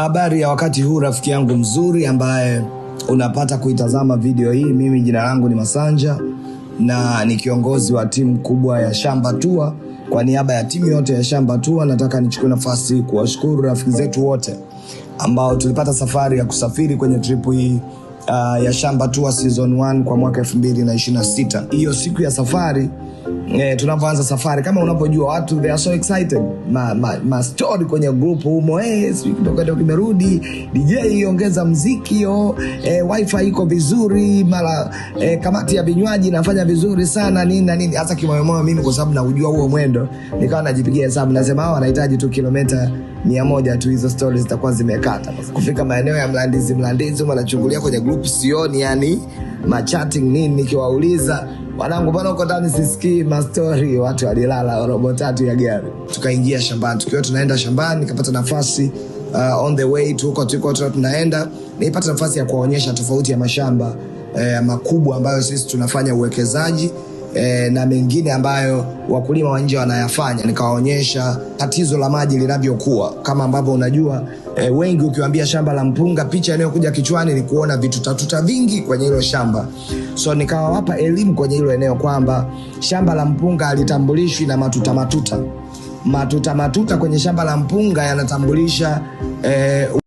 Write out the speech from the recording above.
Habari ya wakati huu rafiki yangu mzuri ambaye unapata kuitazama video hii. Mimi jina langu ni Masanja na ni kiongozi wa timu kubwa ya Shamba Tua. Kwa niaba ya timu yote ya Shamba Tua, nataka nichukue nafasi kuwashukuru rafiki zetu wote ambao tulipata safari ya kusafiri kwenye trip hii uh, ya Shamba Tua season 1 kwa mwaka 2026. Hiyo siku ya safari eh, tunapoanza safari kama unapojua watu they are so excited ma, ma, ma story kwenye group humo eh, kidogo kimerudi DJ ongeza mziki yo oh, eh, wifi iko vizuri mara eh, kamati ya vinywaji inafanya vizuri sana nini na nini hasa kimoyomoyo mimi kwa sababu naujua huo mwendo nikawa najipigia hesabu nasema hao wanahitaji tu kilomita mia moja tu hizo stori zitakuwa zimekata kufika maeneo ya mlandizi mlandizi humo kwenye group sioni yani machati nini, nikiwauliza wanangu, mbona uko ndani sisikii mastori, watu walilala robo tatu ya gari. Tukaingia shambani, tukiwa tunaenda shambani nikapata nafasi uh, on the way tuko tuko tunaenda, nilipata nafasi ya kuwaonyesha tofauti ya mashamba eh, makubwa ambayo sisi tunafanya uwekezaji eh, na mengine ambayo wakulima wa nje wanayafanya. Nikawaonyesha tatizo la maji linavyokuwa, kama ambavyo unajua e, wengi ukiwambia shamba la mpunga, picha inayokuja kichwani ni kuona vitu tatuta vingi kwenye hilo shamba. So nikawawapa elimu kwenye hilo eneo kwamba shamba la mpunga halitambulishwi na matuta matuta matuta matuta kwenye shamba la mpunga yanatambulisha eh,